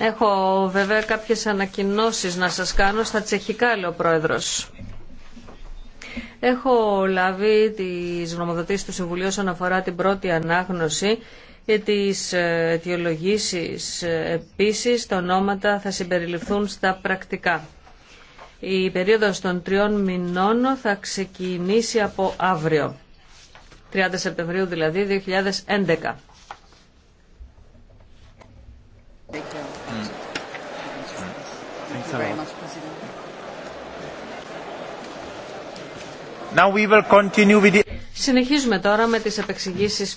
Έχω βέβαια κάποιες ανακοινώσεις να σας κάνω στα τσεχικά, λέει ο Πρόεδρος. Έχω λάβει τις γνωμοδοτήσεις του Συμβουλίου όσον αφορά την πρώτη ανάγνωση και τις ε, αιτιολογήσεις ε, επίσης, τα ονόματα θα συμπεριληφθούν στα πρακτικά. Η περίοδος των τριών μηνών θα ξεκινήσει από αύριο, 30 Σεπτεμβρίου δηλαδή 2011. Thanks a lot. Now we will continue with the... Συνεχίζουμε τώρα με τις επεξηγήσεις